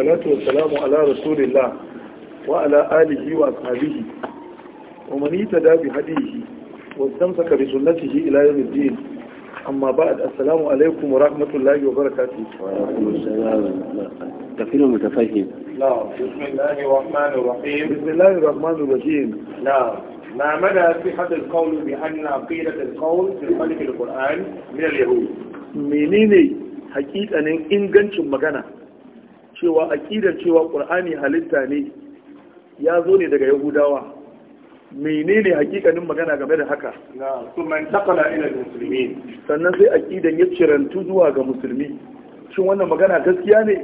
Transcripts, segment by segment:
salatu wa salamu ala rasulillah wa ala alihi wa ashabihi wa man yitada bi hadihi wa istamsaka bi sunnatihi ila yawm ad-din amma ba'd assalamu alaykum wa rahmatullahi wa barakatuh wa alaykum assalam تفهيم متفهم لا بسم الله الرحمن الرحيم بسم الله الرحمن الرحيم لا ما مدى صحة القول بأن قيلة القول في خلق القرآن من اليهود منيني حقيقة أن إن جنش مجانا cewa aƙidar cewa ƙur'ani halitta ne ya zo ne daga yahudawa menene hakikanin magana game da haka sannan sai aƙidan ya cirantu zuwa ga musulmi shin wannan magana gaskiya ne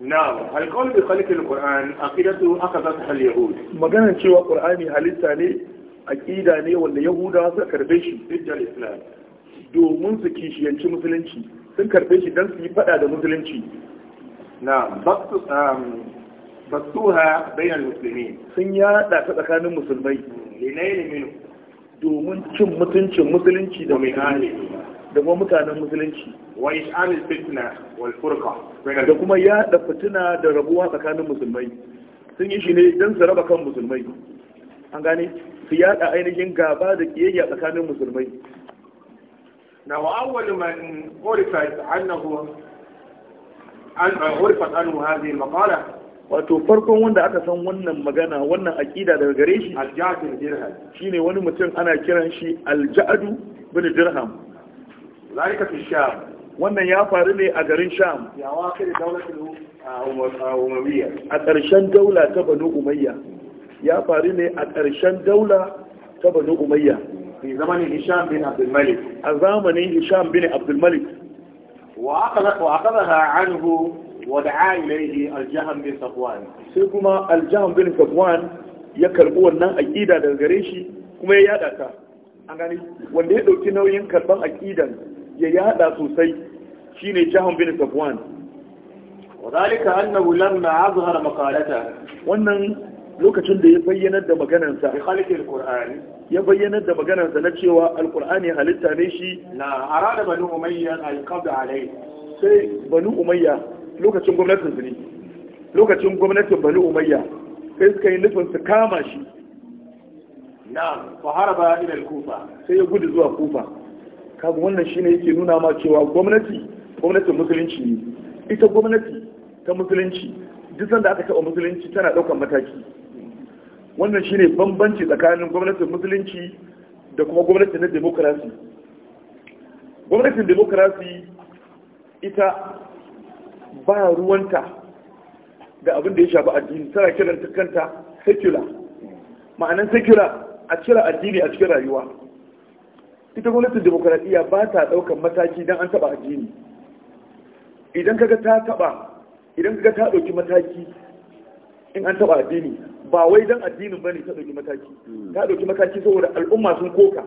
na'am alqawl bi khalq alquran aqidatu akhadhat alyahud magana cewa qur'ani halitta ne aqida ne wanda yahudawa suka karbe shi domin su kishiyanci musulunci sun karɓe shi don su yi faɗa da musulunci na basuha um, bayan musulmi sun yaɗa ta tsakanin musulmai minu domin cin mutuncin musulunci da mai da kuma mutanen musulunci Wani ish'alil fitna wal da kuma yaɗa fitina da rabuwa tsakanin musulmai sun yi shi ne don su raba kan musulmai an gane su yaɗa ainihin gaba da kiyayya tsakanin musulmai Now, أول من عرفت عنه عرفت عنه هذه المقالة wato farkon wanda aka san wannan magana wannan aƙida daga gare shi bin dirham shine wani mutum ana kiran shi aljadu bin dirham zalika fi sham wannan ya faru ne a garin sham ya wakil daulatul umawiyya a ƙarshen daula ta banu umayya ya faru ne a ƙarshen daula ta banu umayya في زمن هشام بن عبد الملك زمن هشام بن عبد الملك وأخذ وأخذها عنه ودعا إليه الجهم بن صفوان سيكما الجهم بن صفوان يكربو wannan aqida daga gare shi kuma ya yada wanda ya ɗauki nauyin karban aqidan ya yada sosai shine Jahm bin Safwan wadalika annahu lamma azhara maqalata wannan lokacin da ya bayyanar da maganarsa ya bayyanar da maganarsa na cewa alkur'ani halitta ne shi na da banu umayya alqabda alai sai banu umayya lokacin gwamnatin ne lokacin gwamnatin banu umayya sai suka yi nufin su kama shi na fahara ba ila kufa sai ya gudu zuwa kufa kaga wannan shine yake nuna ma cewa gwamnati gwamnatin musulunci ne ita gwamnati ta musulunci duk sanda aka taɓa musulunci tana ɗaukar mataki wannan shine bambanci tsakanin gwamnatin musulunci da kuma gwamnati na demokarasi gwamnatin demokarasi ita ba ruwanta da abin da ya shafi addini tana kiran kanta secular ma'anan secular a cire addini a cikin rayuwa ita gwamnatin demokaradiyya ba ta ɗaukar mataki don an taɓa addini idan kaga ta taɓa idan ka ta ɗauki mataki in an taɓa addini ba wai don addinin ba ne ta ɗauki mataki ta ɗauki mataki saboda al'umma sun koka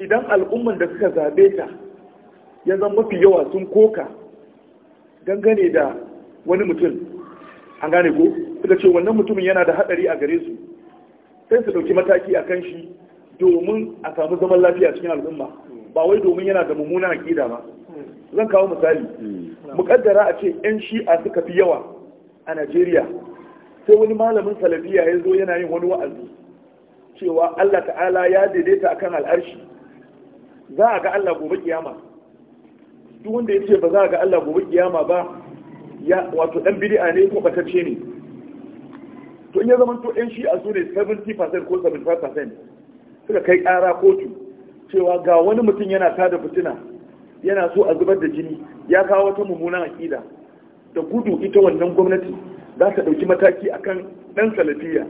idan al'umman da suka zaɓe ta ya zama mafi yawa sun koka dangane da wani mutum an gane ko suka ce wannan mutumin yana da haɗari a gare su sai su ɗauki mataki a kan shi domin a samu zaman lafiya cikin al'umma ba wai domin yana da a ƙida ba zan kawo misali hmm. mukaddara a ce yan shi'a suka fi yawa a Najeriya sai wani malamin salafiya ya zo yana yin wani wa'azi cewa Allah ta'ala ya daidaita akan al'arshi za a ga Allah gobe kiyama duk wanda ya ce ba za a ga Allah gobe kiyama ba ya wato dan bid'a ne ko batacce ne to in ya zama to yan shi'a su ne 70% ko 75% suka kai ƙara kotu cewa ga wani mutum yana tada fitina yana so a zubar da jini ya kawo wata mummunan aƙida da gudu ita wannan gwamnati za ta ɗauki mataki akan ɗan salafiya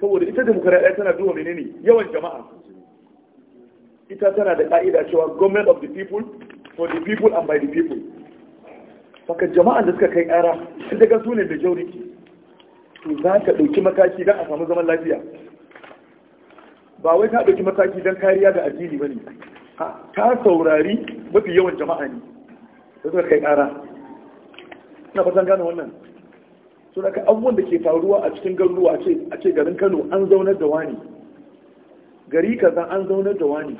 saboda ita demokaraɗa tana zuwa menene yawan jama'a ita tana da ƙa'ida cewa government of the people for the people and by the people saka jama'an da suka kai ƙara su daga su ne majority to za ka ɗauki mataki don a samu zaman lafiya ba wai ta ɗauki mataki don kariya da addini ba ne Ta saurari mafi yawan jama'a ne da suka kai ƙara na fatan gane wannan suna ka abubuwan da ke faruwa a cikin garuruwa a ce garin kano an zaunar da wani gari kaza an zaunar da wani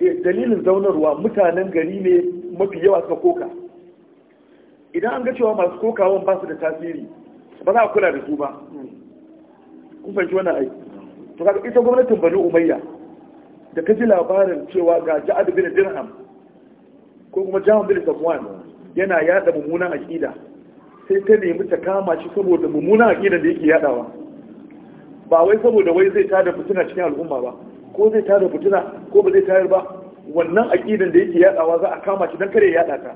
eh, dalilin zaunarwa mutanen gari ne mafi yawa suka koka idan an ga cewa masu kokawan ba su da tasiri ba za a kula da su ba kun fahimci wannan aiki to kaga ita gwamnatin bani umayya da ka ji labarin cewa ga ja'ad bin dirham ko kuma ja'ad bin safwan yana yada mummunan aqida sai ta nemi ta kama shi saboda mummunan aqida da yake yadawa ba wai saboda wai zai tada fitina cikin al'umma ba ko zai tada fitina ko ba zai tayar ba wannan aqidan da yake yadawa za a kama shi dan kare ya yada ta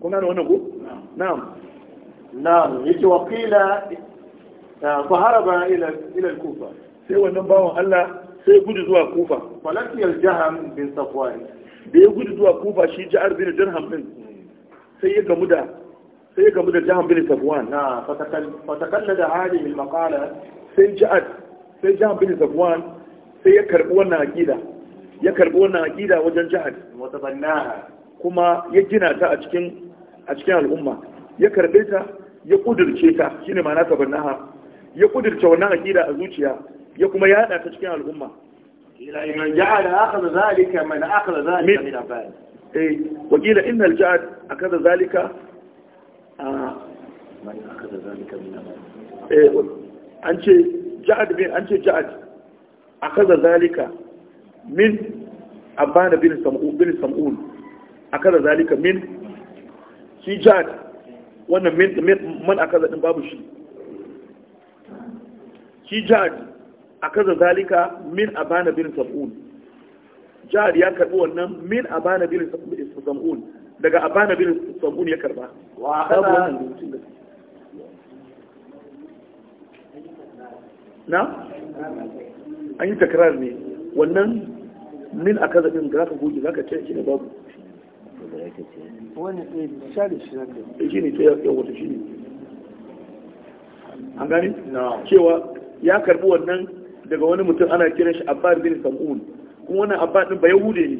kuma gane wannan ko na'am na'am yake wakila fa haraba ila ila kufa sai wannan bawan Allah sai gudu zuwa kufa falakiyal jaham bin safwan da ya gudu zuwa kufa shi ja'ar bin dirham bin, sai ya gamu da sai ya gamu da jaham bin safwan na fatakallada da al-maqala sai ja'ad sai jaham bin safwan sai ya karbi wannan aqida ya karbi wannan aqida wajen ja'ad wa kuma ya gina ta a cikin a cikin al'umma ya karbe ta ya kudirce ta shine ma'ana tabannaha ya kudirce wannan aqida a zuciya ya kuma yada ta cikin al'umma ila man ja'ala akhadha zalika man akhadha zalika min abad eh wakila inna al-ja'd ah, akhadha zalika min abad eh an ce ja'd bin an ce ja'd akhadha zalika min abban bin sam'un bin sam'un akhadha zalika min shi ja'd wannan min man akhadha din babu shi Ki jihar a kaza zalika min a bana bin sab'un jihar ya karbi wannan min a bana bin sab'un daga a bana bin sab'un ya karba na an yi takarar ne wannan min a kaza din za ka goge za ka ce shi ne babu wani eh, shari eh, shi ne to ya wata shi ne an gani cewa ya karbi wannan daga wani mutum ana kiran shi abbad bin sam'un kuma wannan abbad din ba yahude ne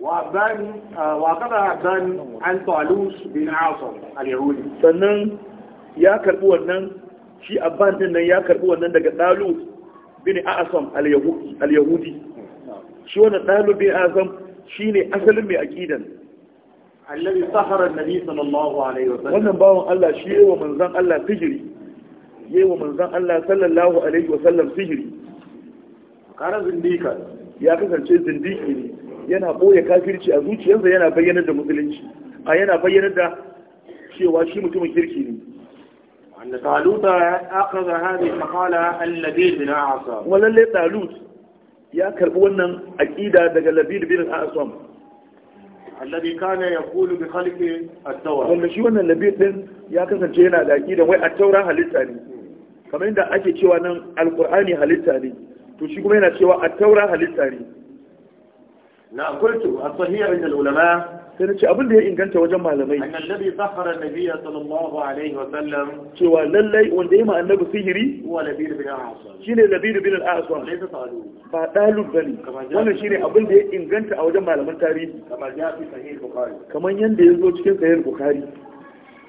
wa zani uh, wa kada zani an talus bin asam al-yahudi sannan ya karbi wannan shi abbad din nan ya karbi wannan daga talus bin asam al-yahudi shi wannan talus bin asam shine asalin mai aqidan alladhi sahara an-nabi sallallahu alaihi wasallam wannan bawon Allah shi yayin manzon Allah tijiri yi wa manzan Allah sallallahu alaihi wa sallam sihiri ƙarar zindika ya kasance zindiki ne yana ɓoye kafirci a zuciyarsa yana bayyanar da musulunci a yana bayyanar da cewa shi mutumin kirki ne wanda taluta ya akaza hadi makala allabi bin asa kuma lalle talut ya karbi wannan aqida daga labid bin asam allabi kana yaqulu bi khalqi at-tawra wanda shi wannan labid din ya kasance yana da aqidan wai at-taura halitta ne kamar yadda ake cewa nan alkur'ani halitta ne to shi kuma yana cewa a taura halitta ne na kultu a sahiyar da ulama sai na ce abin da ya inganta wajen malamai annal ladhi sahara nabiyya sallallahu alaihi wa sallam cewa lallai wanda yayi ma annabi sihiri wa labir bin al Shi shine labir bin al-aswam laysa salu ba dalu bane wannan shine abin da ya inganta a wajen malaman tarihi kamar ya fi sahih bukhari kamar yanda yazo cikin sahih bukhari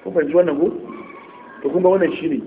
kun fahimci wannan ko to kuma wannan shine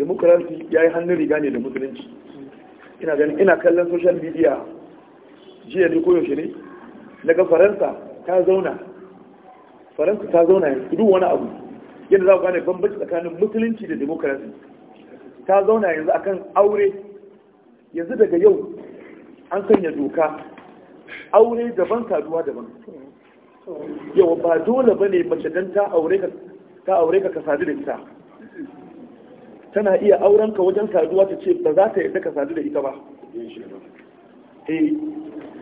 demokarasi ya yi hannun riga ne da musulunci ina ganin ina kallon social media jiya ne ko yaushe ne daga faransa ta zauna faransa ta zauna yanzu wani abu yadda za ku gane bambanci tsakanin musulunci da demokarasi ta zauna yanzu akan aure yanzu daga yau an sanya doka aure daban saduwa daban yau ba dole ba ne mace don ta aure ka sadu da ita tana iya auren ka wajen saduwa ta ce ba za ta yadda ka sadu da ita ba e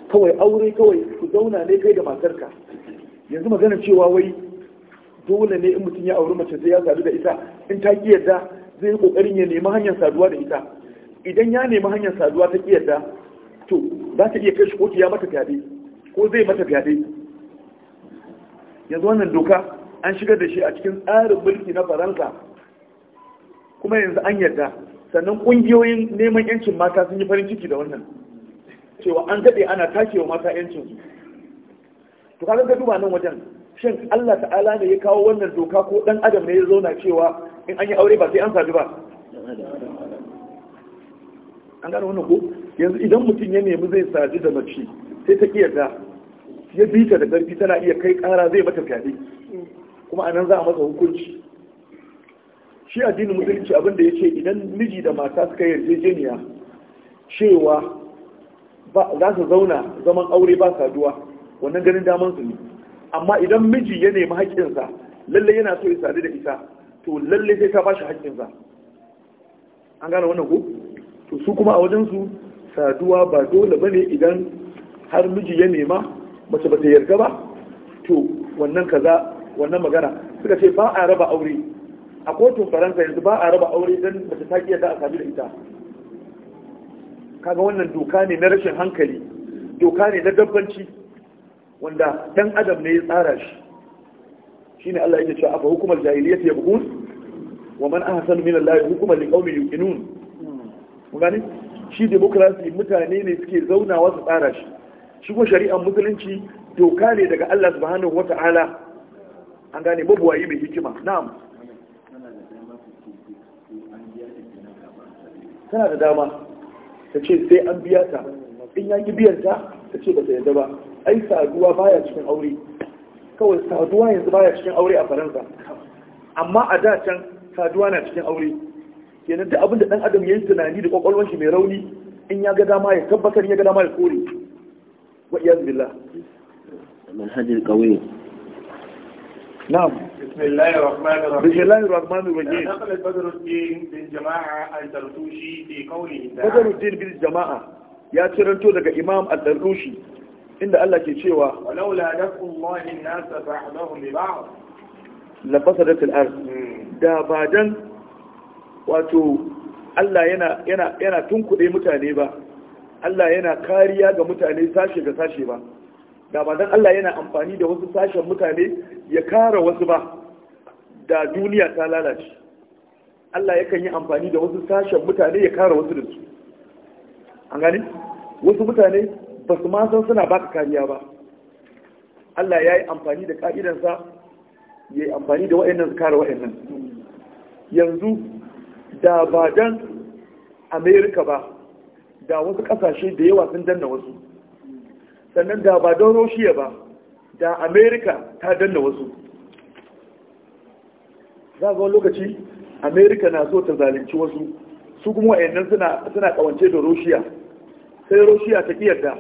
kawai aure kawai ku zauna ne kai da matarka yanzu magana cewa wai dole ne in mutum ya auri mace sai ya sadu da ita in ta ki yadda zai yi kokarin ya nemi hanyar saduwa da ita idan ya nemi hanyar saduwa ta ki yadda to za ta iya kai shi ko ya mata fyaɗe ko zai mata fyaɗe yanzu wannan doka an shigar da shi a cikin tsarin mulki na faransa kuma yanzu an yarda sannan kungiyoyin neman yancin mata sun yi farin ciki da wannan cewa an daɗe ana takewa mata yancin su to kaga ka duba nan wajen shin Allah ta'ala ne ya kawo wannan doka ko dan adam ne ya zauna cewa in an yi aure ba sai an sadu ba an gano wannan ko yanzu idan mutum ya nemi zai sadu da mace sai ta ki yarda ya bi ta da ƙarfi tana iya kai ƙara zai mata fyaɗe kuma anan za a masa hukunci shi addinin musulunci abin da ce idan miji da mata suka yarjejeniya cewa za su zauna zaman aure ba saduwa wannan ganin daman su ne amma idan miji ya nemi haƙƙinsa lalle yana so ya sadu da ita to lalle sai ka bashi haƙƙinsa an gane wannan ko to su kuma a wajen su saduwa ba dole bane idan har miji ya nema mace ba ta yarda ba to wannan kaza wannan magana suka ce ba a raba aure a kotun faransa yanzu ba a raba aure don mace ta ƙi yadda a sami da ita kaga wannan doka ne na rashin hankali doka ne na dabbanci wanda dan adam ne ya tsara shi shine Allah yake cewa afa hukumar jahiliyyati yabghun wa man ahsanu min Allah hukuman liqaumin yuqinun mun gane shi demokrasi mutane ne suke zaunawa su tsara shi shi kuma shari'ar musulunci doka ne daga Allah subhanahu wata'ala an gane babu babuwayi mai hikima na'am tana da dama ta ce sai an biya ta in ya ki biyan ta ta ce ba ta yadda ba ai saduwa baya cikin aure kawai saduwa yanzu baya cikin aure a faransa amma a da can saduwa na cikin aure kenan duk abin da dan adam yi tunani da kwakwalwar shi mai rauni in ya ga dama ya tabbatar ya ga dama ya kore wa iyaz billah qawi na'am بسم الله الرحمن الرحيم بسم الله الرحمن الرحيم نقل بدر الدين بالجماعة الدرتوشي في قوله تعالى بدر الدين بالجماعة يا ترنتو دقى إمام الدرتوشي إن الله كي شيوا ولولا دفع الله الناس بعضهم ببعض لفسدت الأرض da ba dan wato Allah yana yana yana tunkuɗe mutane ba Allah yana kariya ga mutane sashe ga sashe ba da ba dan Allah yana amfani da wasu sashen mutane ya kara wasu ba da duniya ta lalace Allah yakan yi amfani da wasu sashen mutane ya kara wasu da su an gani wasu mutane ba su ma san suna baka kariya ba Allah ya yi amfani da ka'idansa ya yi amfani da wa'annan su kara wa'annan yanzu da ba dan Amerika ba da wasu kasashe da yawa sun danna wasu sannan da ba don roshiya ba da amerika ta danna wasu za ga wani lokaci amerika na so ta zalunci wasu su kuma wa'annan suna kawance da roshiya sai roshiya ta kiyarta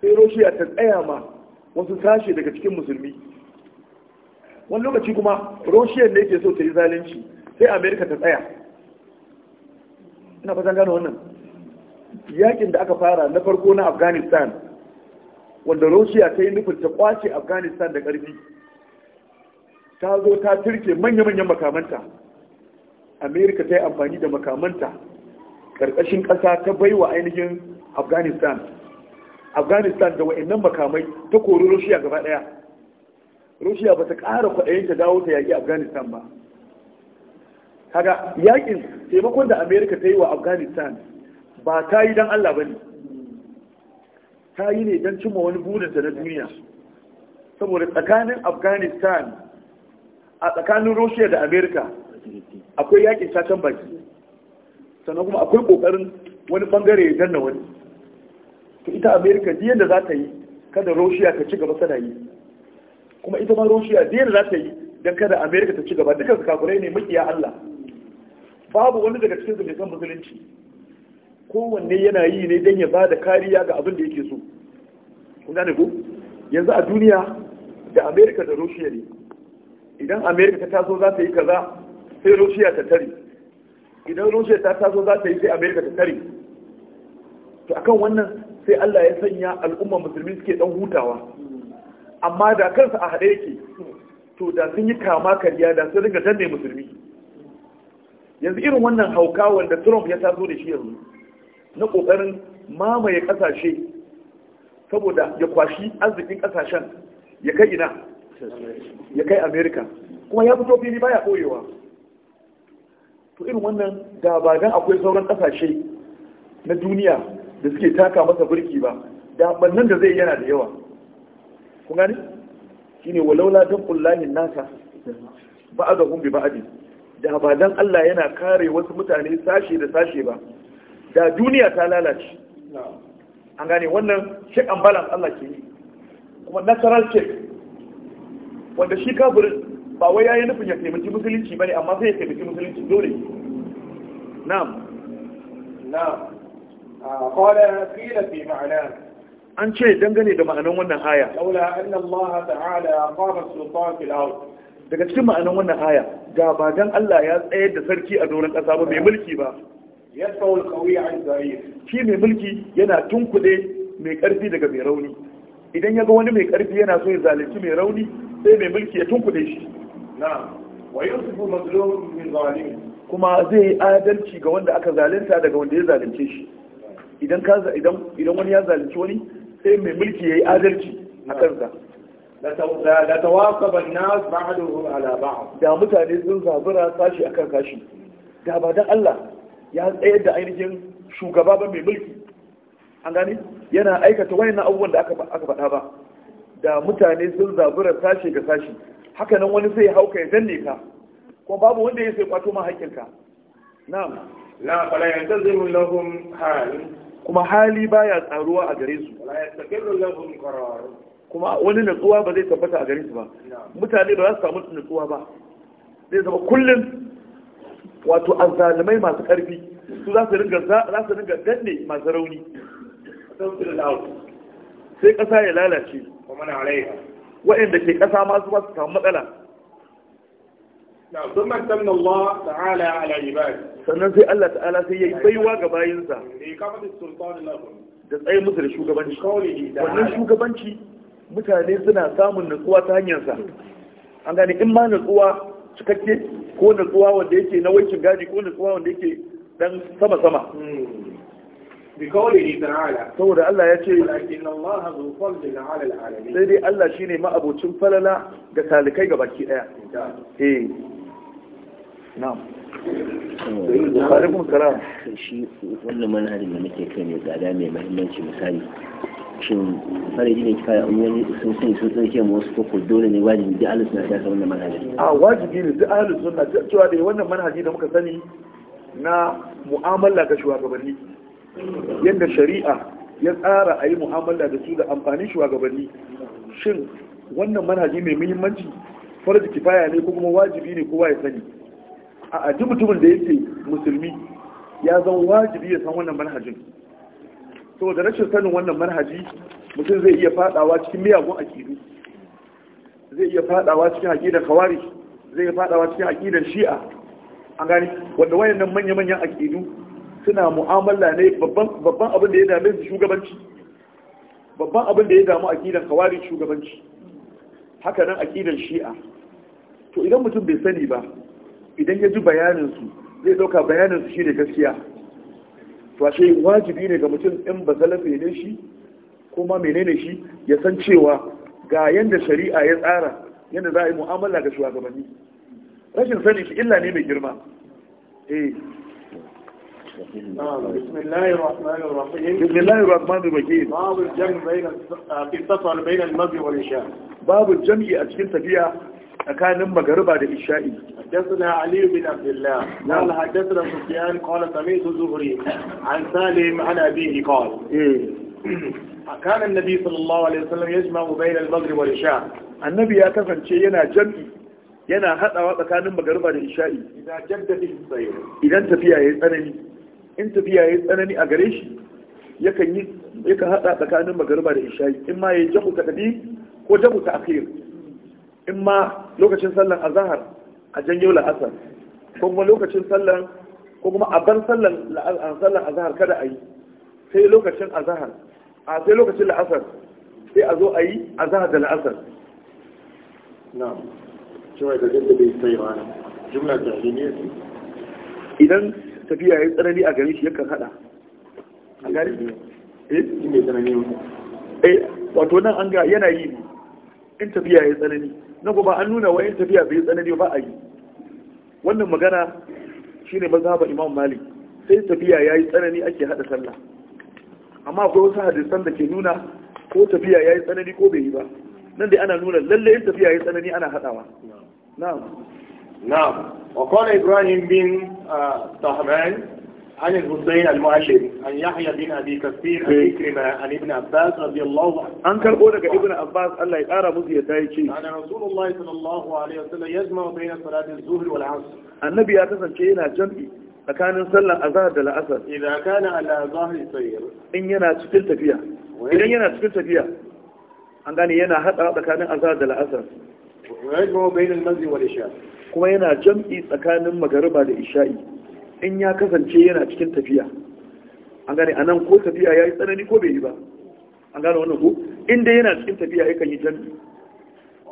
sai roshiya ta tsaya ma wasu sashe daga cikin musulmi wani lokaci kuma roshiya ne ke so ta yi zalunci sai amerika ta tsaya ina fatan gano wannan yakin da aka fara na farko na afghanistan wanda russia ta yi nufin ta kwace afghanistan da ƙarfi ta zo ta turke manya-manyan makamanta amerika ta yi amfani da makamanta ƙarƙashin ƙasa ta baiwa ainihin afghanistan afghanistan da wa'annan makamai ta kori russia gaba ɗaya russia ba ta ƙara kwaɗayin ta dawo ta yaƙi afghanistan ba kaga yaƙin taimakon da amerika ta yi wa afghanistan ba ta yi don Allah ba ne ta yi ne don cimma wani burinta na duniya saboda tsakanin afghanistan a tsakanin russia da america akwai yakin sakan baki sannan kuma akwai kokarin wani bangare ya danna wani to ita america ji yadda za ta yi kada russia ta ci gaba sana yi kuma ita ma russia ji yadda za ta yi don kada america ta ci gaba duka kakurai ne makiya allah babu wani daga cikin zai mai son musulunci kowanne yana yi ne don ya ba da kariya ga abin da yake so kuna ne ko yanzu a duniya da amerika da russia ne idan amerika ta taso za ta yi kaza sai russia ta tare idan russia ta taso za ta yi sai amerika ta tare to akan wannan sai allah ya sanya al'umma musulmi suke dan hutawa amma da kansu a haɗe yake to da sun yi kama karya da sun ringa danne musulmi yanzu irin wannan hauka wanda trump ya taso da shi yanzu na ƙoƙarin mamaye ƙasashe saboda ya kwashi arzikin ƙasashen ya kai ina ya kai amerika kuma ya fito fili baya ɓoyewa to irin wannan da ba dan akwai sauran ƙasashe na duniya da suke taka masa birki ba da bannan da zai yana da yawa kun gani shine walaula dan kullahin nasa ba'adahum bi ba'adin da ba dan Allah yana kare wasu mutane sashe da sashe ba da duniya ta lalace an gane wannan check and Allah ke yi kuma natural check wanda shi kafirin ba wai yayi nufin ya taimaki musulunci bane amma sai ya taimaki musulunci dole na'am na'am ah, qala qila fi ma'ana an ce dangane da ma'anan wannan aya laula anna Allah ta'ala qama sultan fil ard daga cikin ma'anan wannan aya ga ba dan Allah ya tsayar da sarki a doron kasa ba mai mulki ba yadfa'u al-qawi an da'if shi mai mulki yana tunkude mai karfi daga mai rauni idan ya ga wani mai karfi yana so ya zalunci mai rauni sai mai mulki ya tunkude shi na'am wa yusifu mazlum min zalim kuma zai yi adalci ga wanda aka zalunta daga wanda ya zalunce shi idan ka idan idan wani ya zalunci wani sai mai mulki yayi adalci a kansa la tawaqaba an-nas ba'dahum ala ba'd da mutane sun zabura sashi akan sashi da ba dan Allah ya tsayar da ainihin shugaba ba mai mulki an gani yana aikata wayannan abubuwan da aka faɗa ba da mutane sun zabura sashe ga sashi haka nan wani sai hauka ya danne ka ko babu wanda ya sai kwato ma haƙƙinka na'am la fala yantazimu lahum hal kuma hali baya tsaruwa a gare su la yastaqiru lahum qarar kuma wani natsuwa ba zai tabbata a gare su ba mutane ba za su samu natsuwa ba zai zama kullum wato azalimai masu ƙarfi su za su ringa za su ringa danne masu rauni sai ƙasa ya lalace waɗanda ke ƙasa masu masu samu matsala sannan sai Allah ta'ala sai ya yi baiwa ga bayinsa eh, da tsaye musu da shugabanci wannan shugabanci mutane suna samun nutsuwa ta hanyarsa an gane in ma nutsuwa cikakke ko tsuwa wanda yake na wancin gadi ko tsuwa wanda yake dan sama sama saboda Allah ya ce sai dai Allah shine ma'abocin falala ga talikai ga baki daya eh na'am alaikum salam shi wannan manhajin da muke kai ne tsada mai muhimmanci misali shin fareji ne kika in wani sun sani sun san ke wasu koko dole ne wajibi duk ahlus sunna ya san wannan manhaji a wajibi ne duk ahlus sunna cewa da wannan manhaji da muka sani na mu'amala ga shugabanni yadda shari'a ya tsara a yi mu'amala da su da amfanin shugabanni shin wannan manhaji mai muhimmanci farji kifaya ne ko kuma wajibi ne kowa ya sani a duk mutumin da yake musulmi ya zama wajibi ya san wannan manhajin saboda rashin sanin wannan manhaji mutum zai iya fadawa cikin miyagun akidu zai iya fadawa cikin aqidan kawari zai iya fadawa cikin aqidan shi'a an gani wanda wayannan manya-manyan akidu suna mu'amala ne babban abin da ya dame su shugabanci babban abin da ya damu aqidan kawari shugabanci haka nan aqidan shi'a to idan mutum bai sani ba idan ya ji bayaninsu, zai dauka bayaninsu shi ne gaskiya to wajibi ne ga mutum in ba salafi ne shi kuma menene shi ya san cewa ga yadda shari'a ya tsara yadda za a yi mu'amala ga shugabanni rashin sani shi illa ne mai girma eh بسم الله الرحمن الرحيم بسم الله الرحمن الرحيم باب الجمع بين في السفر بين المغرب والعشاء باب الجمع أجل تبيع tsakanin magariba da isha'i حدثنا علي بن عبد الله قال حدثنا سفيان قال سمعت زهري عن سالم عن أبيه قال كان النبي صلى الله عليه وسلم يجمع بين المغرب والعشاء النبي يا شيء أنا جمعي yana haɗawa tsakanin magariba da isha'i idan tafiya ya yi tsanani in tafiya ya yi tsanani a gare shi yakan haɗa tsakanin magariba da isha'i in ma ya yi ta ko jamu ta akhir in ma lokacin sallan azahar a janyo la'asar ko kuma lokacin sallan ko kuma a ban sallan azahar kada a yi sai lokacin azahar a sai lokacin la'asar sai a zo a yi azahar da la'asar na'am cewa da zai bai tsayawa jumla da ne idan tafiya ya yi tsanani a gari shi yakan hada a gari eh eh wato nan an ga yana yi in tafiya ya yi tsanani na kuma an nuna wayan tafiya bai tsanani ba a yi wannan magana shine mazhaba imam malik sai tafiya ya yi tsanani ake hada sallah amma akwai wasu hadisan da ke nuna ko tafiya ya yi tsanani ko bai yi ba nan dai ana nuna lalle yin tafiya yi tsanani ana hadawa na'am na'am wa qala ibrahim bin tahman ah, عن الحسين المؤلم عن يحيى بن أبي كثير عن إيه. إكرمة عن ابن عباس رضي الله عنه انكر أقولك ابن عباس الله يقارى مزية تايشي عن رسول الله صلى الله عليه وسلم يجمع بين صلاة الظهر والعصر النبي أتسن شيئنا جمعي فكان يصلى أزهر الاسد إذا كان على ظهر سير إن ينا تفلت فيها إن ينا تفلت فيها عندني ينا حتى كان أزهر الاسد ويجمع بين المزي والإشاء كما ينا جمعي فكان مغربة لإشائي in ya kasance yana cikin tafiya an gane a nan ko tafiya ya yi tsanani ko bai yi ba an gane wannan ko inda yana cikin tafiya ya kan yi jan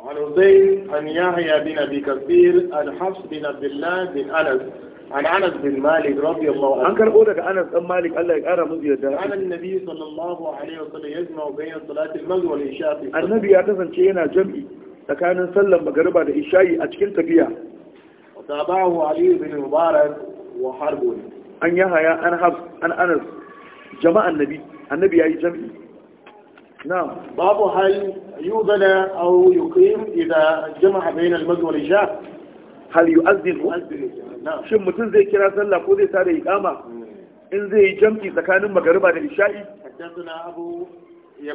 عن زيد عن يحيى بن ابي كثير عن حفص بن عبد الله بن انس عن انس بن مالك رضي الله عنه. عن كربو انس بن مالك الله يقرا مزيد. عن النبي صلى الله عليه وسلم يجمع بين صلاه المغرب والعشاء. النبي يعتزم شيئا جمعي فكان صلى المغرب والعشاء اشكال تبيع. وتابعه علي بن مبارك وحرب أن يهيا أنا حفص أن أنس جماع النبي النبي أي جمعي نعم باب هل يؤذن أو يقيم إذا جمع بين المد والإشاء هل يؤذن نعم شو متن زي كرا صلى كو ساري إقامة إن زي جمعي سكان مغربا للإشاء حدثنا أبو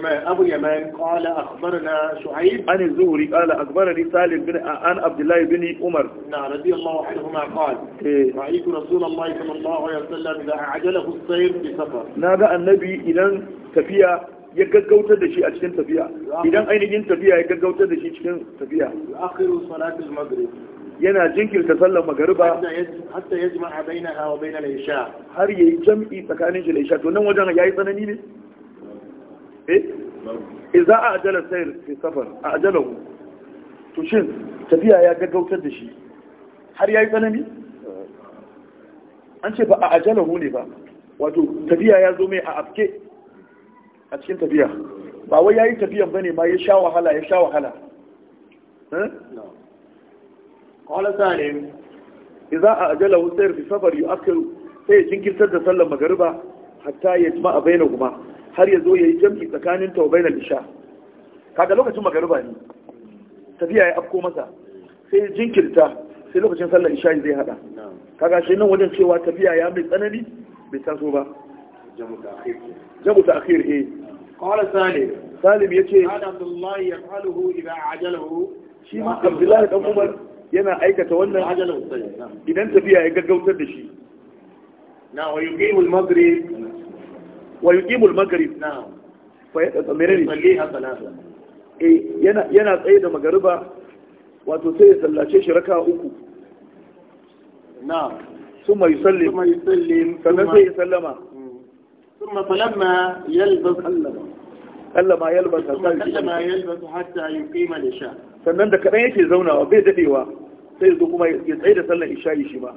أبو يمان قال أخبرنا شعيب عن الزهري قال أخبرني سالم بن عن عبد الله بن عمر نعم رضي الله عنهما قال إيه. رأيت رسول الله صلى الله عليه وسلم إذا عجله الصير في سفر نادى النبي اذا تفيا يكجوت هذا الشيء أشين تفيا إذا أين جن تفيا يكجوت هذا الشيء أشين تفيا آخر صلاة المغرب ينا جنكل تصلى مغربا حتى يجمع بينها وبين العشاء هل يجمع بينها وبين العشاء تونا وجانا eh a ajala sayr fi safar A hu to shin tafiya ya gaggautar da shi har yayi tsanani an ce ba a hu ne ba wato tafiya ya zo mai a afke a cikin tafiya ba wai yayi tafiyan bane ma ya sha wahala ya sha wahala eh qala salim idza ajalahu sayr fi safar yu'akkiru sai jinkirtar da sallar magariba hatta ya jima a kuma har ya zo ya yi jam'i tsakanin taubai na isha kaga lokacin magariba ne tafiya ya afko masa sai jinkirta sai lokacin sallar isha zai hada kaga shi nan wajen cewa tafiya ya mai tsanani bai taso ba jamu ta akhir eh qala salim salim yace abdullahi yaf'aluhu idha ajalahu shi ma abdullahi dan umar yana aikata wannan ajalahu idan tafiya ya gaggautar da shi na wa yuqimul maghrib wa yuqimul maghrib na'am fa yatasammiri salliha eh yana yana tsaye da magariba wato sai ya sallace shi raka uku na'am ثم يسلم ثم يسلم ثم يسلم ثم فلما يلبس kallama sannan da kaɗan yake zaunawa bai daɗewa. sai zo kuma ya tsaye da sallar isha'i shi ba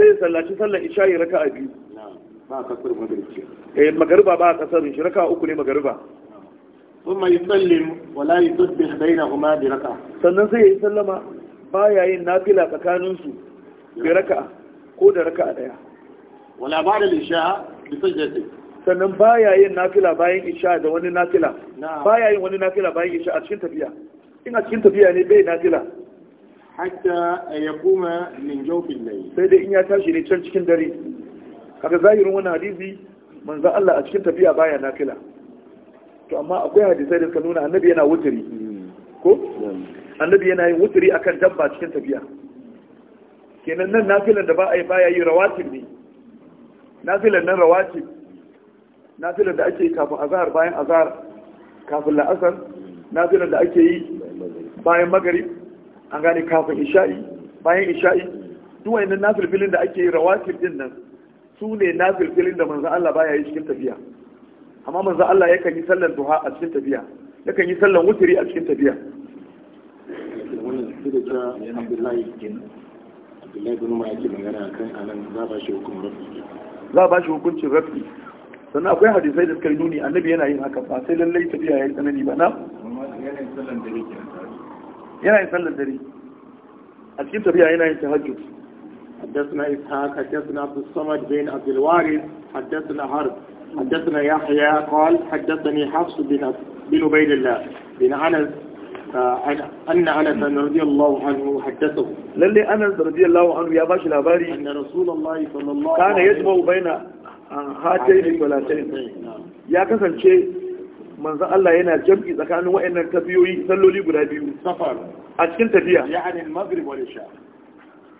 sai sallaci sallar isha'i raka'a biyu ba kasar magarib eh magariba ba kasar shi raka uku ne magariba ثم يسلم ولا يسبح بينهما بركعة sannan sai ya sallama baya yin nafila tsakanin su bi raka'a ko da raka'a daya wala ba'da da isha bi sajdati sannan baya yin nafila bayan isha da wani nafila baya yin wani nafila bayan isha a cikin tafiya ina cikin tafiya ne bai nafila hatta ya kuma min jawfin layl sai dai in ya tashi ne can cikin dare kaga zahirin wani hadisi manzo Allah a cikin tafiya baya nafila to amma akwai hadisai da suka nuna annabi yana wuturi ko annabi yana yin wuturi akan dabba cikin tafiya kenan nan nafilan da ba a yi baya yi rawatib ne nafilan nan rawatib nafilan da ake yi kafin azhar bayan azhar kafin la'asar nafilan da ake yi bayan magarib an gane kafin isha'i bayan isha'i duk wayannan nafilfilin da ake yi rawatib din nan su ne na filfilin da manzan Allah baya yi cikin tafiya amma manzan Allah yakan yi sallar duha a cikin tafiya yakan yi sallar wuturi a cikin tafiya za a ba shi hukuncin rafi sannan akwai hadisai da suka nuni annabi yana yin haka ba sai lallai tafiya ya yi tsanani ba na yana yin sallar dare a cikin tafiya yana yin tahajjud حدثنا إسحاق حدثنا عبد الصمد بن عبد الوارث حدثنا حرب حدثنا يحيى قال حدثني حفص بن بن عبيد الله بن أنس أن أنس رضي الله عنه حدثه للي أنس رضي الله عنه يا باشا الأباري أن رسول الله صلى الله عليه وسلم كان يجمع بين هاتين الولاتين يا كسن شيء manzo Allah yana jam'i tsakanin wa'annan tafiyoyi salloli guda biyu safar a cikin tafiya ya'ani al-maghrib wal isha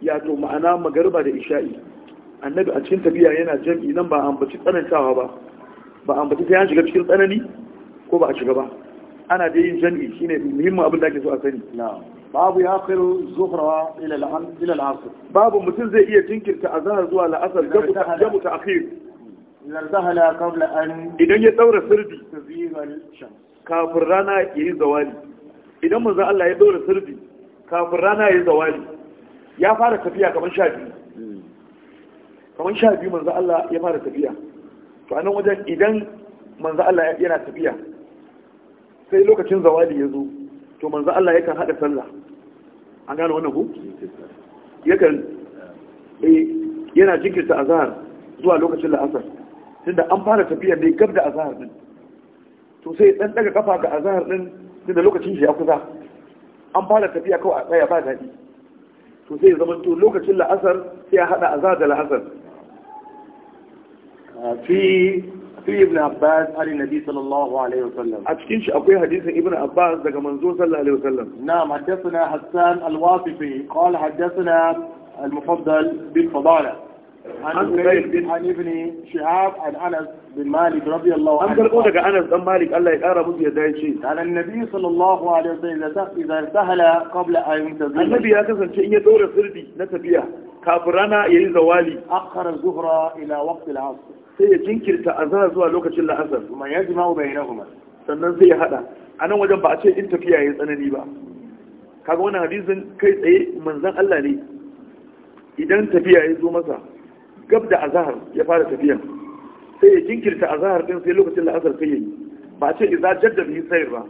ya to ma'ana magariba da isha'i annabi a cikin tafiya yana jam'i nan ba ambaci tsanantawa ba ba ambaci sai an shiga cikin tsanani ko ba a shiga ba ana da yin jam'i shine muhimmin abin da ake so a sani babu ya kai zuhrawa ila al'asr babu mutum zai iya jinkirta azhar zuwa al'asr da mutu akhir larzahala qabla an idan ya daura sirdi kafin rana yayi zawali idan manzo Allah ya daura sirdi kafin rana yayi zawali ya fara tafiya kamar sha biyu hmm. kamar sha biyu manzo Allah ya fara tafiya to anan wajen idan manzo Allah yana tafiya sai lokacin zawali ya zo to manzo Allah yakan hada sallah an gane wannan ku yakan eh, yana jinkirta azhar zuwa lokacin la'asar tunda an fara tafiya ne gab da azhar din to sai dan daga kafa ga azhar din tunda lokacin shi ya kusa an fara tafiya kawai a tsaya ba daɗi to zai zama to lokacin la'asar sai ya hada azhar da la'asar fi fi ibn abbas ali nabi sallallahu alaihi wasallam a cikin shi akwai hadisin ibn abbas daga manzo sallallahu alaihi wasallam na'am haddathana hassan al-wasifi qala haddathana al-mufaddal bil fadala an Ubayy bin an ibn Shihab an Anas bin Malik radiyallahu anhu an karbo daga Anas dan Malik Allah ya ƙara musu yadda yace kana annabi sallallahu alaihi wasallam idza sahala qabla an tazil annabi ya kasance in ya dora sirdi na tafiya kafin rana ya yi zawali akhara zuhra ila waqt al-asr sai ya jinkirta azhar zuwa lokacin la'asar kuma ya jima'u bainahuma sannan zai hada a nan wajen ba a ce in tafiya ya tsanani ba kaga wannan hadisin kai tsaye manzon Allah ne idan tafiya ya zo masa gab da azahar ya fara tafiyan sai ya jinkirta azahar din sai lokacin la'asar azhar kai yi ba a ce idza jadda bihi sayr ba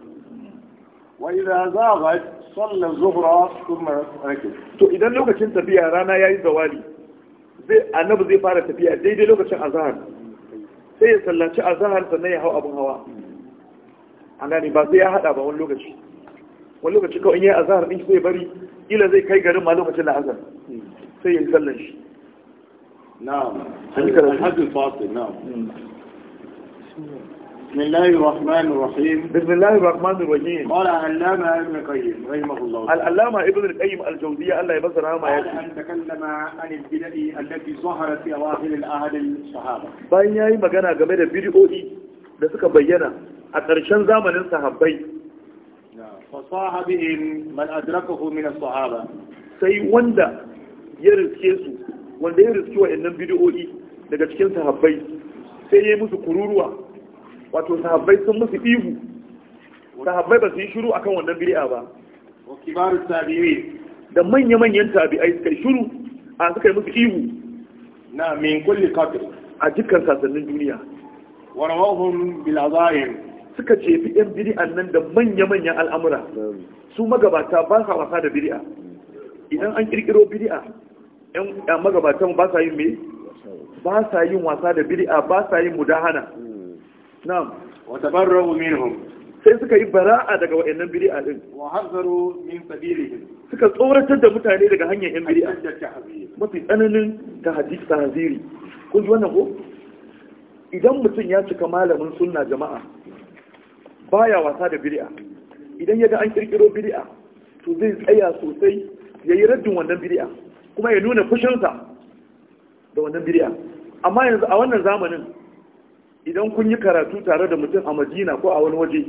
wa idza zaghat salla zuhra thumma rakib to idan lokacin tafiya rana yayi zawali zai annabi zai fara tafiya daidai lokacin azahar sai ya sallaci azahar sannan ya hau abun hawa an gane ba sai ya hada ba wani lokaci wani lokaci kawai in yi azahar din sai bari ila zai kai garin ma lokacin la'asar, sai ya yi sallan shi نعم الحد الفاصل نعم بسم الله الرحمن الرحيم بسم الله الرحمن الرحيم قال علامة ابن القيم رحمه الله العلامة ابن القيم الجوزية الله يبصر ما يأتي أن تكلم عن البدع التي ظهرت في أواخر العهد الصحابة بين يأي مغانا غمير بدعوئي da suka bayyana a ƙarshen zamanin sahabbai fasaha bihim man adrakahu min as-sahaba sai wanda ya riske su wanda ya riski wa'annan bidiyoyi daga cikin sahabbai sai ya yi musu kururuwa wato sahabbai sun musu ihu sahabbai ba su yi shiru akan wannan bid'a ba wa kibaru tabi'in da manya-manyan tabi'ai suka yi a suka yi musu ihu na min kulli kafir a dukkan sasannin duniya wa rawahum bil azaim suka jefi yan bidiyan nan da manya-manyan al'amura su magabata ba sa wasa da bid'a idan an kirkiro bid'a yan magabatan ba sa yin me ba sa yin wasa da bid'a ba sa yin mudahana hmm. na'am wa tabarra'u minhum sai suka yi bara'a daga wa'annan bid'a din wa hazaru min sabilihim suka tsoratar da mutane daga hanyar yan bid'a mafi tsananin ta hadisi tahziri kun ji wannan ko idan mutum ya cika malamin sunna jama'a baya wasa da bid'a idan ya ga an kirkiro bid'a to zai tsaya sosai yayi raddin wannan bid'a kuma ya nuna fushinsa da wannan bid'a amma yanzu a wannan zamanin idan kun yi karatu tare da mutum a Madina ko a wani waje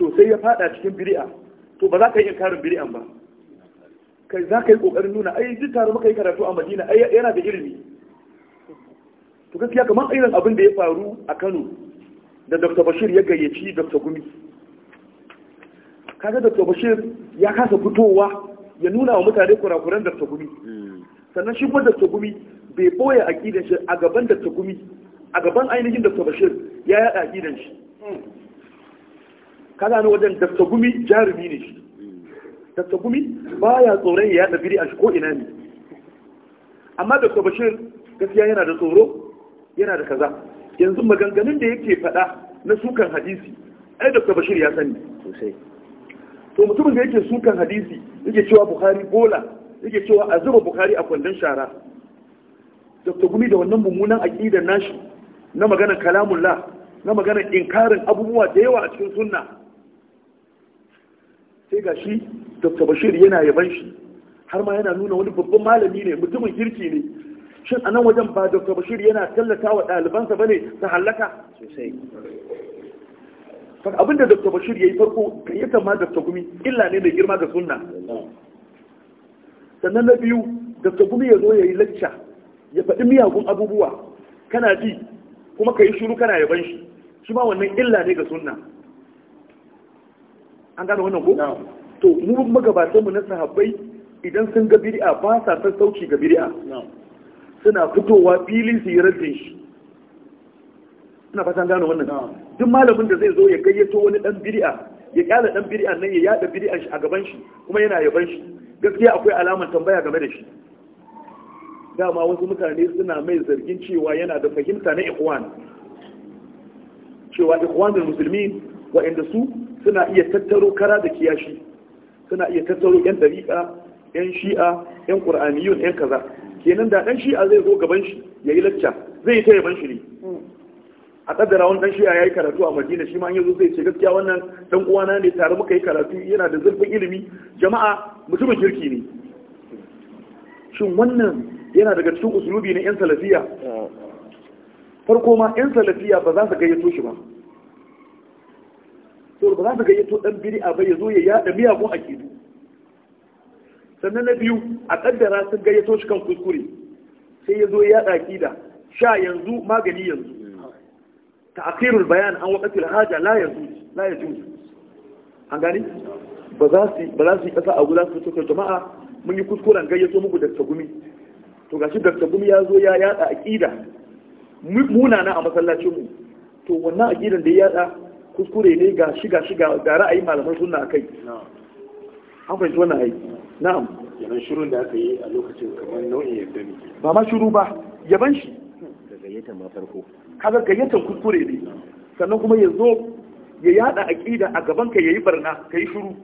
to sai ya fada cikin bid'a to ba za ka yi inkarin bid'an ba kai za ka yi kokarin nuna ai duk tare muka yi karatu a Madina ai yana da ilimi to gaskiya kamar irin abin da ya faru a Kano da Dr. Bashir ya gayyaci Dr. Gumi kaga Dr. Bashir ya kasa fitowa ya nuna wa mutane kurakuran Dr. Gumi hmm. sannan shi kuma Dr. Gumi bai boye aqidan shi a gaban Dr. Gumi a gaban ainihin Dr. Bashir ya yada aqidan shi hmm. kada ni wajen Dr. Gumi jarumi ne shi hmm. Dr. Gumi baya tsoron ya yada biri a shi ko ina ne amma Dr. Bashir gaskiya yana da tsoro yana da kaza yanzu maganganun da yake faɗa na sukan hadisi ai Dr. Bashir ya sani sosai to mutumin da yake sukan hadisi yake cewa bukhari bola yake cewa a zuba bukhari a kwandon shara dr gumi da wannan mummunan aqidar nashi na maganar kalamullah na maganar inkarin abubuwa da yawa a cikin sunna sai ga shi dr bashir yana yaban shi har ma yana nuna wani babban malami ne mutumin kirki ne shin anan wajen ba dr bashir yana tallata wa ɗalibansa ba ne ta hallaka sosai da dr bashir ya yi farko yi kama dr gumi illa ne mai girma ga sunna sannan na biyu dr gumi ya zo ya yi lacca ya faɗi miyagun abubuwa kana ji kuma ka yi shuru kana yaban shi shi ma wannan illa ne ga sunna an gano wannan ko to mu magabatanmu na sahabbai idan sun ga bid'a ba sa sassauci ga bid'a suna fitowa fili su yi raddin shi ina fatan gano wannan duk malamin da zai zo ya gayyato wani ɗan biri'a ya kyala ɗan bid'an nan ya yada bid'an shi a gaban shi kuma yana yaban shi gaskiya akwai alamar tambaya game da shi dama wasu mutane suna mai zargin cewa yana da fahimta na ikhwan cewa da musulmi wa'anda su suna iya tattaro kara da kiyashi suna iya tattaro yan dariƙa yan shi'a yan ƙur'aniyun yan kaza kenan da ɗan shi'a zai zo gaban shi yi lacca zai yi ta yaban shi ne hmm. a kaddara wani dan ya yi karatu a Madina shi ma an yazo zai ce gaskiya wannan dan uwana ne tare muka yi karatu yana da zurfin ilimi jama'a mutumin kirki ne shin wannan yana daga cikin usulubi na yan salafiya farko ma yan salafiya ba za su gayyato shi ba to ba za su gayyato dan bid'a ba zo ya yada miyagun akidu sannan na biyu a kaddara sun gayyato shi kan kuskure sai yazo ya yada akida sha yanzu magani yanzu ta'khirul bayan an waqtil haja la yajuz la yajuz an gani ba za su ba za su kasa a guda su ce jama'a mun yi kuskuren gayyato muku da tagumi. to gashi da tsagumi ya zo ya yada aqida muna na a masallacin mu to wannan aqidan da ya yada kuskure ne ga shiga shiga ga ra'ayi malaman sunna akai an fahimci wannan aiki. na'am yaban shirun da aka yi a lokacin kamar nau'in yadda ne ba ma shiru ba yaban shi da gayyata ma farko kaga gayyatar kuskure ne sannan kuma ya zo ya yada aƙida a gaban ka yayi barna ka yi shiru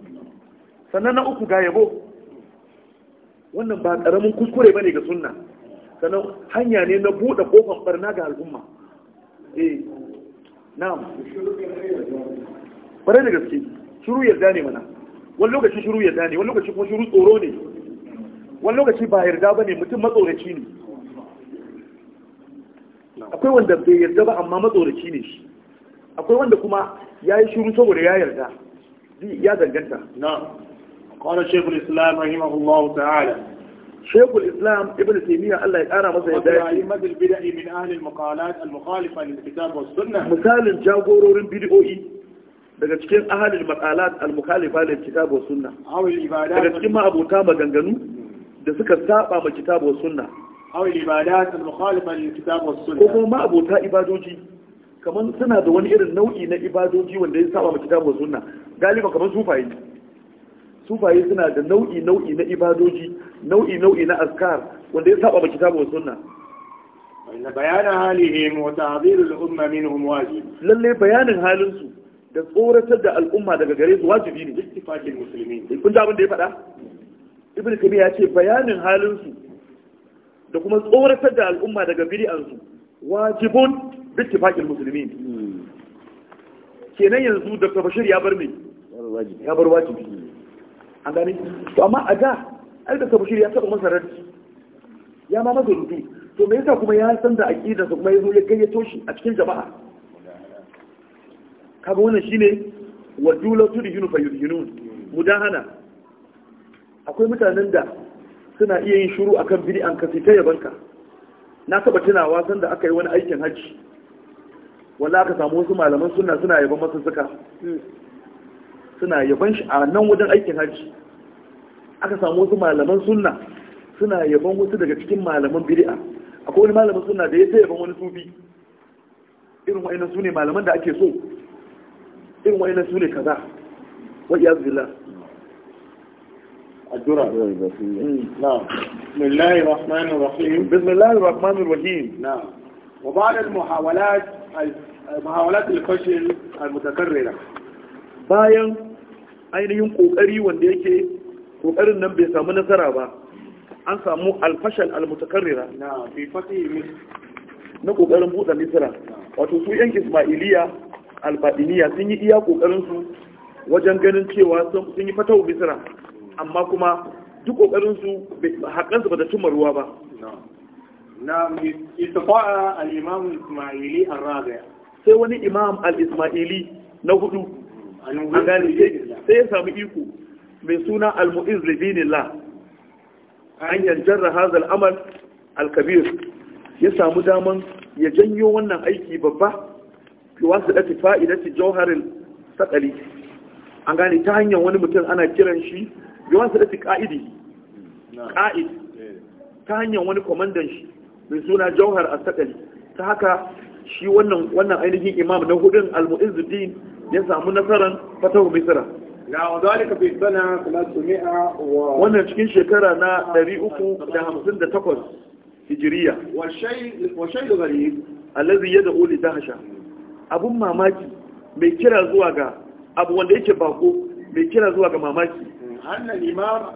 sannan na uku ga yabo wannan ba ƙaramin kuskure bane ga sunna sannan hanya ne na buɗe kofar barna ga al'umma eh na'am bare da gaske shiru yarda ne mana wani lokaci shiru yarda ne wani lokaci kuma shiru tsoro ne wani lokaci ba yarda bane mutum matsoraci ne akwai wanda bai yarda ba amma matsoraci ne shi akwai wanda kuma ya yi shuru saboda ya yarda ya danganta na kwanar shekul islam rahimahullahu ta'ala shekul islam ابن تيمية الله يقرأ مثلا يدعي أئمة البدع من أهل المقالات daga cikin ahalin makalat al-mukhalifa lil kitab was sunna daga cikin ma abota maganganu da suka saba ma kitab was sunna aw ibadat al-mukhalifa lil was sunnah ko abota ibadoji suna da wani irin nau'i na ibadoji wanda ya saba mu kitab was sunnah galiba kaman sufaye sufaye suna da nau'i nau'i na ibadoji nau'i nau'i na azkar wanda ya saba mu kitab was sunnah inna bayana halihim wa ta'dhir al-umma minhum wajib lalle bayanin halin su da tsoratar da al'umma daga gare su wajibi ne istifaqil muslimin kun da abin da ya faɗa ibnu Kabiya ya ce bayanin halin su da kuma tsoratar da al'umma daga biri'ansu. wajibun bittifaqil musulmi. kenan yanzu Dr. Bashir ya bar me ya bar wajibi an gani to amma a da ai Dr. Bashir ya taba masarar ya ma masa rudu to me yasa kuma ya san da aqida su kuma yazo ya gayyato shi a cikin jama'a kaga wannan shine wajulatu yunfa yudhinun mudahana akwai mutanen da suna iya yin shuru kan bid'an an kasi ta yabanka na taba tunawa sanda aka yi wani aikin hajji wanda aka samu wasu malaman suna suna yaban masu masussuka suna yaban shi a nan wajen aikin hajji aka samu wasu malaman suna suna yaban wasu daga cikin malaman bid'a akwai wani malamin suna da ya ta yaban wani sufi irin wa'ina su ne malaman da ake so irin wa'ina su ne kaza wa iyaz الدرر نعم بسم الله الرحمن الرحيم بسم الله الرحمن الرحيم نعم وبعد المحاولات محاولات الفشل المتكررة bayan ainihin kokari wanda yake kokarin nan bai samu nasara ba an samu alfashal almutakarrira na fi fati na kokarin buɗe misira wato su yan ismailiya albadiniya sun yi iya kokarin wajen ganin cewa sun yi fatawu misira amma kuma duk ƙoƙarin su haƙan ba ta cimma ruwa ba na istifa'a al-imam ismaili a ragaya. sai wani imam al na hudu a gane sai ya samu iko mai suna al muiz libinillah an yanjarra hadha al-amal al-kabir ya samu daman ya janyo wannan aiki babba fi wasu da fa'idati jauharin sakali. an gani ta hanyar wani mutum ana kiran shi bi wasu dati ka'idi ka'id eh. ta hanyar wani kwamandan shi mai suna jauhar asakali ta haka shi wannan wannan ainihin imam na hudun al-mu'izzuddin ya samu nasarar fatahu misra na wadalika fi sana 300 wannan cikin shekara na 358 hijiriya wa shay wa shay gharib allazi yad'u li dahsha abun mamaki mai kira zuwa ga abu wanda yake bako mai kira zuwa ga mamaki أن الإمام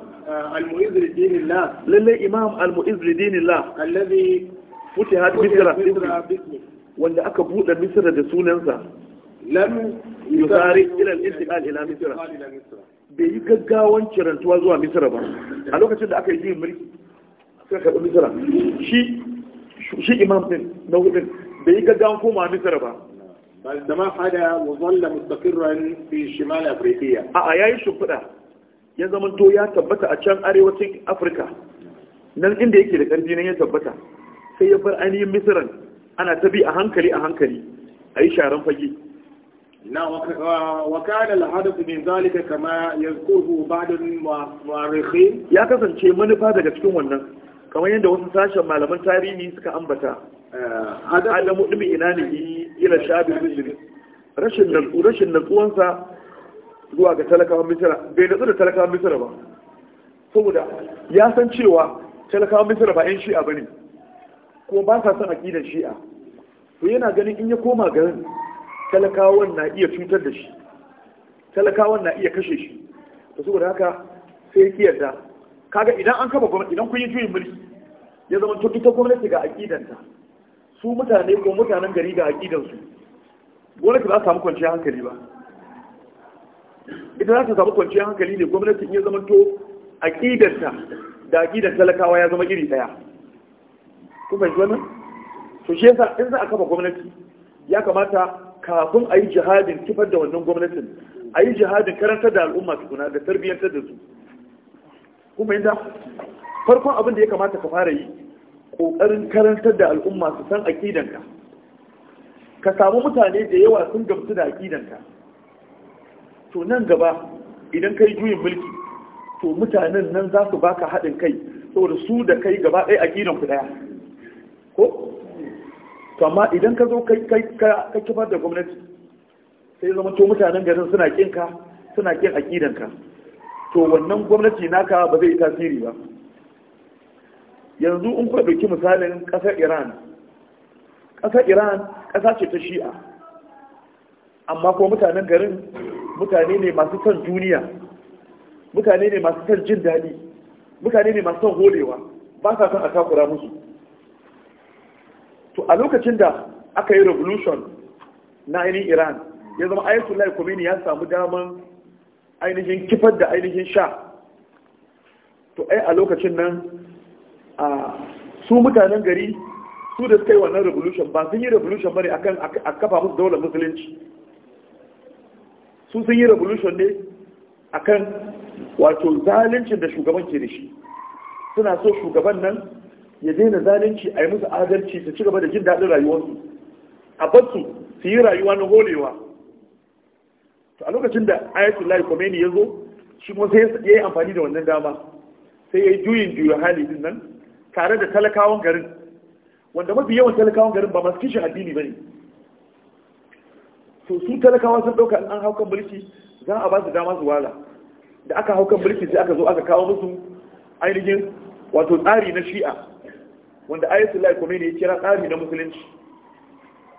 المعز لدين الله للي إمام المعز لدين الله الذي فتحت مصر wanda aka buɗe misira da sunansa lam yusari ila al-intiqal bai yi gaggawan cirantuwa zuwa misira ba a lokacin da aka yi juyin mulki aka karɓi misira. shi shi imam din na hudin bai yi gaggawan komawa misira ba bal da ma hada wa zalla mustaqirran fi shimal afriqiya a a yayi shimfiɗa ya to ya tabbata a can arewacin afirka nan inda yake da karfi nan ya tabbata sai ya bar ainihin misiran ana tabi a hankali a hankali a yi sharan fage na wakana alhadafu min zalika kama kurhu badin mu'arrikhin ya kasance manufa daga cikin wannan kamar yadda wasu sashen malaman tarihi suka ambata eh, adamu ɗumi ina ne ila shabi rashin natsuwansa zuwa ga talakawan misira bai nutsu da talakawan misira ba saboda ya san cewa talakawan misira ba 'yan shi'a ba ne kuma ba sa son aƙidar shi'a to yana ganin in ya koma garin talakawan na iya cutar da shi talakawan na iya kashe shi to saboda haka sai ki yarda kaga idan an kafa gwamnati idan kun yi juyin mulki ya zama to ita gwamnati ga aƙidanta su mutane ko mutanen gari ga aƙidansu gwamnati ba ta samu kwanciyar hankali ba ita za ta samu kwanciyar hankali ne gwamnatin ya zama to ƙidanta da ƙidanta talakawa ya zama iri ɗaya kun fahimci wannan to shi yasa in za a kafa gwamnati ya kamata kafin a yi jihadin tufar da wannan gwamnatin a yi jihadin karantar da al'umma tukuna da tarbiyyantar da su kuma inda farkon abin da ya kamata ka fara yi ƙoƙarin karantar da al'umma su san aƙidanka ka samu mutane da yawa sun gamsu da aƙidanka to nan gaba idan kai juyin mulki to mutanen nan za su baka haɗin kai saboda su da kai gaba ɗaya aƙidan ku ɗaya ko to amma idan ka zo kai kai ka kifar da gwamnati sai zama to mutanen garin suna kin ka suna kin ka to wannan gwamnati naka ba zai yi tasiri ba yanzu in kuka ɗauki misalin ƙasar iran ƙasar iran ƙasa ce ta shi'a amma ko mutanen garin mutane ne masu son duniya mutane ne masu son jin daɗi mutane ne masu son holewa ba sa son a takura musu to a lokacin da aka yi revolution na ainihin iran ya zama ayatollah khomeini ya samu daman ainihin kifar da ainihin sha to ai a lokacin nan a su mutanen gari su da suka yi wannan revolution ba sun yi revolution bane akan a kafa musu daular musulunci su sun yi revolution ne akan wato zalincin da shugaban ke da shi suna so shugaban nan ya daina zalunci a yi musu adalci su ci gaba da jin daɗin rayuwarsu a basu su yi rayuwa na holewa a lokacin da ayatollah khomeini ya zo shi kuma sai ya yi amfani da wannan dama sai ya yi juyin juyin hali din nan tare da talakawan garin wanda mafi yawan talakawan garin ba masu kishin addini ba ne to su talakawa sun ɗauka an haukan mulki za a ba su dama su wala da aka haukan mulki sai aka zo aka kawo musu ainihin wato tsari na shi'a wanda ayatollah khomeini ya kira tsari na musulunci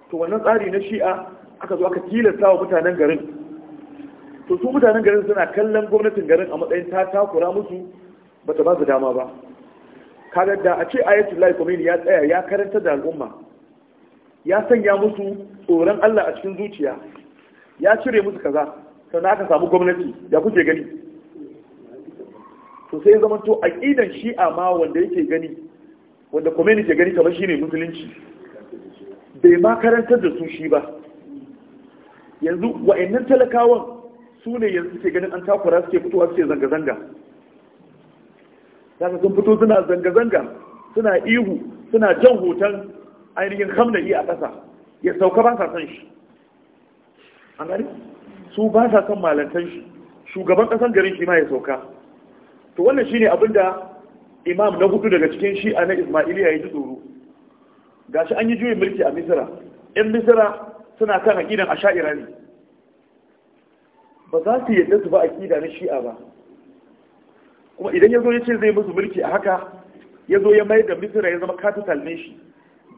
to wannan tsari na shi'a aka zo aka tilasta wa mutanen garin to su mutanen garin suna kallon gwamnatin garin a matsayin ta takura musu ba ta ba su dama ba kaga da a ce ayatollah khomeini ya tsaya ya karanta da al'umma ya sanya musu tsoron Allah a cikin zuciya ya cire musu kaza sannan aka samu gwamnati ya kuke gani to sai zama to aqidan shi'a ma wanda yake gani wanda Khomeini ke gani kamar shine musulunci bai ma karantar da su shi ba yanzu wa'annan talakawan su ne yanzu ke ganin an takura suke fitowa suke zanga-zanga zaka sun fito suna zanga-zanga suna ihu suna jan hoton ainihin hamdali a ƙasa ya sauka ba sa son shi an gani su ba sa son malantan shi shugaban ƙasan garin shi ma ya sauka to wannan shine abin da imam na hudu daga cikin shi'a na ismailiya ya ji tsoro Ga shi an yi juyin mulki a misira yan misira suna kan aƙidan a sha'ira ne ba za su yadda su ba aƙida na shi'a ba kuma idan ya zo ya ce zai musu mulki a haka ya zo ya mayar da misira ya zama capital ne shi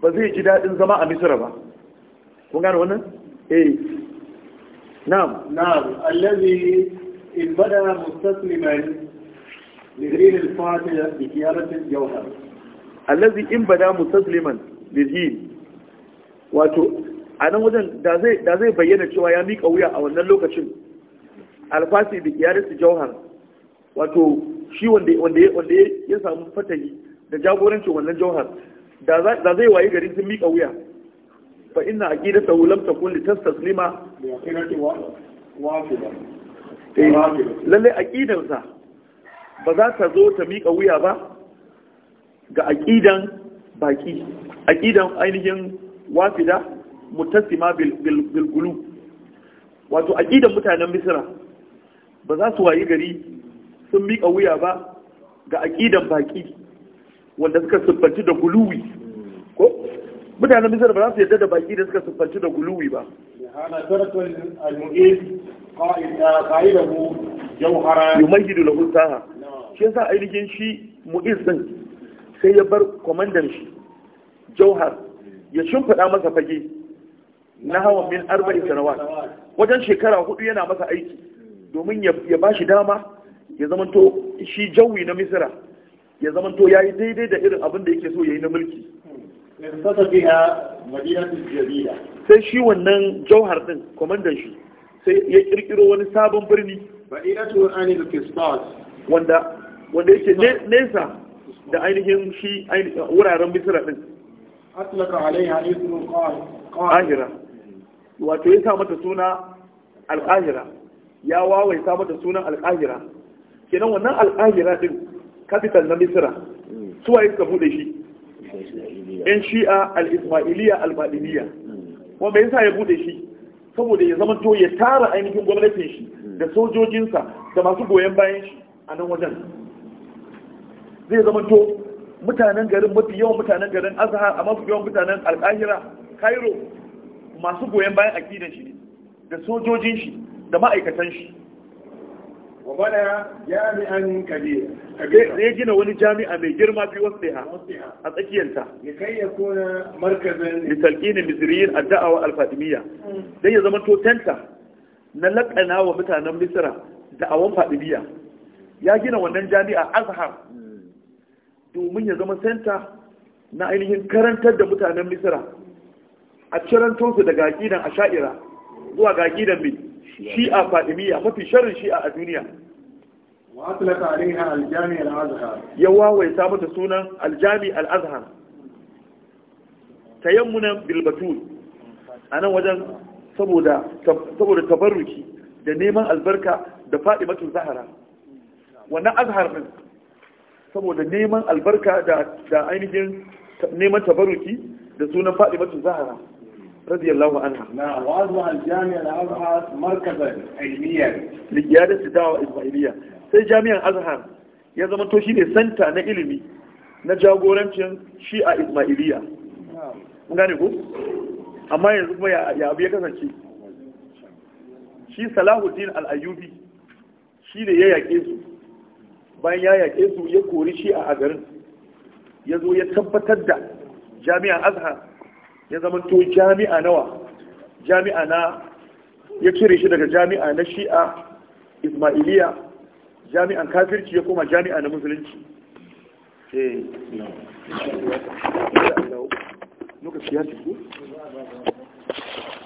ba zai ji daɗin zama a misira ba kun gane wannan eh na'am na'am allazi in bada mustasliman al-fatiha bi بزيارة jawhar allazi in bada mustasliman للهين wato a nan wajen da zai bayyana cewa ya miƙa wuya a wannan lokacin alfasi da kiyarisu jauhar wato shi wanda ya samu fatahi da jagorancin wannan jauhar da zai wayi gari sun miƙa wuya fa inna ta lam takun li tastaslima li aqidati eh, wafida lalle aqidansa ba za ta zo ta miƙa wuya ba ga aqidan baki aqidan ainihin wafida mutasima bil bil gulu wato aqidan mutanen misra ba za su wayi gari sun miƙa wuya ba ga aqidan baki wanda suka siffanci da guluwi ko mutanen misar ba za su yadda da baki da suka siffanci da guluwi ba yumayidu na saha shi yasa ainihin shi mu'iz din sai ya bar kwamandan shi jauhar ya shimfiɗa masa fage na hawa min arba'in sanawat wajen shekara hudu yana masa aiki domin ya ba shi dama ya zama to shi jawi na misira ya zama to yi daidai da irin abin da yake so ya yi na mulki sai shi wannan jauhar din kwamandan shi sai ya kirkiro wani sabon birni wanda wanda yake nesa da ainihin shi wuraren misira din ahira wato ya sa mata suna al'ahira ya wawaita mata sunan al'ahira kenan wannan al'ahira din capital na misira suwaye suka bude shi yan shi'a al ismailiya al-madiniya wanda yasa ya bude shi saboda ya zama to ya tara ainihin gwamnatin shi da sojojinsa da masu goyon bayan shi a nan wajen zai zama to mutanen garin mafi yawan mutanen garin azhar a mafi yawan mutanen alkahira cairo masu goyon bayan akidan shi da sojojin shi da ma'aikatan shi wa bana jami'an kabir zai gina wani jami'a mai girma fi wasiha a tsakiyarta ya kai ya kona markazin litalqin misriyin ad-da'awa al-fatimiyya dan ya zama totenta na lakana wa mutanen misra da'awan fatimiyya ya gina wannan jami'a azhar domin ya zama senta na ainihin karantar da mutanen misra a ciranto daga aqidan asha'ira zuwa ga aqidan shi'a fadimiyya mafi sharrin shi'a a duniya wa'atlaka alaiha aljami ya wawaita mata sunan aljami al-azhar tayammunan Bilbatul. A nan wajen saboda tabaruki da neman albarka da fadimatu zahara wannan azhar din saboda neman albarka da ainihin neman tabaruki da sunan fadimatu zahara رضي الله عنها نعم وأصبح الجامع الأزهر مركزا علميا لقيادة الدعوة الإسماعيلية سي جامع الأزهر ya zama to shine santa na ilimi na jagorancin shi'a ismailiya mun amma yanzu kuma ya abu ya kasance shi al al'ayyubi shi ne ya yaƙe bayan ya yaƙe ya kori shi'a a garin ya zo ya tabbatar da jami'an azhar ya zama to jami'a nawa jami'a na ya cire shi daga jami'a na shi'a ismailiya jami'an kafirci ya koma jami'a na musulunci eh,